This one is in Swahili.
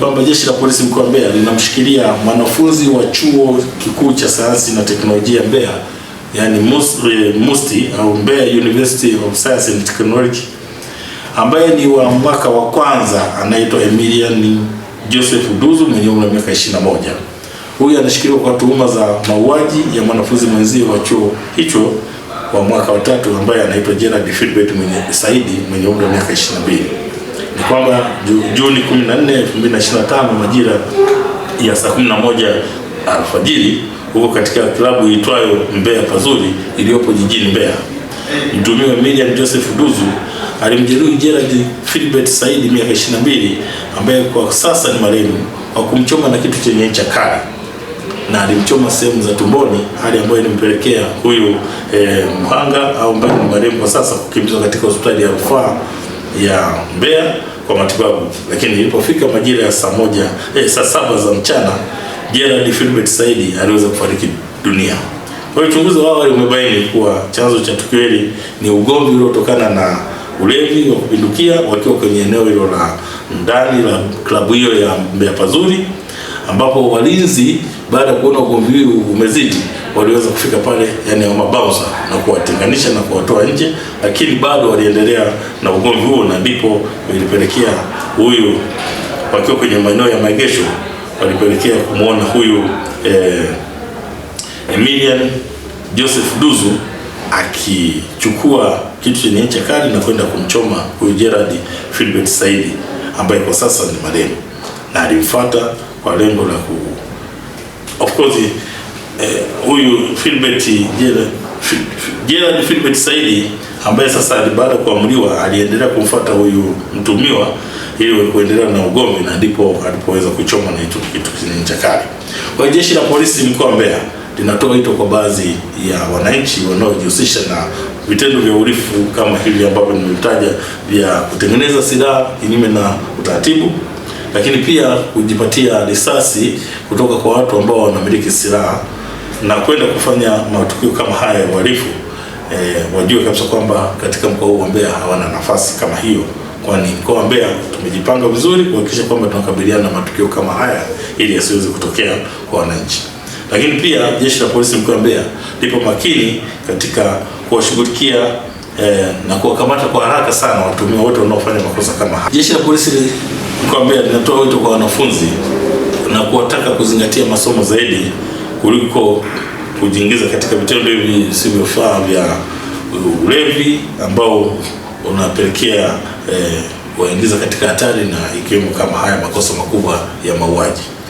kwamba jeshi la polisi mkoa wa Mbeya linamshikilia mwanafunzi wa chuo kikuu cha sayansi na teknolojia Mbeya, yani eh, MUST au Mbeya University of Science and Technology, ambaye ni wa mwaka wa kwanza, anaitwa Emilian Joseph Duzu mwenye umri wa miaka 21. Huyu anashikiliwa kwa tuhuma za mauaji ya mwanafunzi mwenzio wa chuo hicho wa mwaka wa tatu ambaye anaitwa Gerald Philbert mwenye Saidi mwenye umri wa miaka 22 ni kwamba Juni 14, 2025 majira ya saa 11 alfajiri huko katika klabu iitwayo Mbeya Pazuri iliyopo jijini Mbeya, mtumiwa Miriam Joseph Duzu alimjeruhi Gerald Philbert Saidi miaka 22, ambaye kwa sasa ni marehemu, kwa kumchoma na kitu chenye ncha kali na alimchoma sehemu za tumboni, hali ambayo ilimpelekea huyu eh, mhanga au marehemu kwa sasa kukimbizwa katika hospitali ya rufaa ya Mbeya kwa matibabu, lakini ilipofika majira ya saa moja eh, saa saba za mchana Gerald Philbert Saidi aliweza kufariki dunia. Kwa hiyo uchunguzi wa awali umebaini kuwa chanzo cha tukio hili ni ugomvi uliotokana na ulevi wa kupindukia wakiwa kwenye eneo hilo la ndani la klabu hiyo ya Mbeya Pazuri ambapo walinzi baada ya kuona ugomvi huu umezidi, waliweza kufika pale yani ya mabaunsa na kuwatenganisha na kuwatoa nje, lakini bado waliendelea na ugomvi huo, na ndipo ilipelekea huyu wakiwa kwenye maeneo ya maegesho walipelekea kumwona huyu eh, Emilian Joseph Duzu akichukua kitu chenye ncha kali na kwenda kumchoma huyu Gerard Philbert Saidi ambaye kwa sasa ni marehemu, na alimfuata kwa lengo la ku course eh, huyu jela jela ni Philbert Saidi ambaye sasa baada ya kuamriwa aliendelea kumfuata huyu mtumiwa ili kuendelea na ugomvi na ndipo alipoweza kuchoma na kitu kile cha kali. Kwa jeshi la polisi mkoa Mbeya linatoa wito kwa baadhi ya wananchi wanaojihusisha na vitendo vya uhalifu kama hivi ambavyo nimetaja vya kutengeneza silaha kinyume na utaratibu lakini pia kujipatia risasi kutoka kwa watu ambao wanamiliki silaha na kwenda kufanya matukio kama haya ya uhalifu. E, wajue kabisa kwamba katika mkoa huu wa Mbeya hawana nafasi kama hiyo, kwani mkoa wa Mbeya tumejipanga vizuri kuhakikisha kwamba tunakabiliana na matukio kama haya ili yasiweze kutokea kwa wananchi. Lakini pia jeshi la polisi mkoa wa Mbeya lipo makini katika kuwashughulikia e, na kuwakamata kwa haraka sana watuhumiwa wote wanaofanya makosa kama haya. Jeshi la polisi kwambia, ninatoa wito kwa wanafunzi na kuwataka kuzingatia masomo zaidi kuliko kujiingiza katika vitendo hivi sivyofaa vya ulevi ambao unapelekea eh, waingiza katika hatari na ikiwemo kama haya makosa makubwa ya mauaji.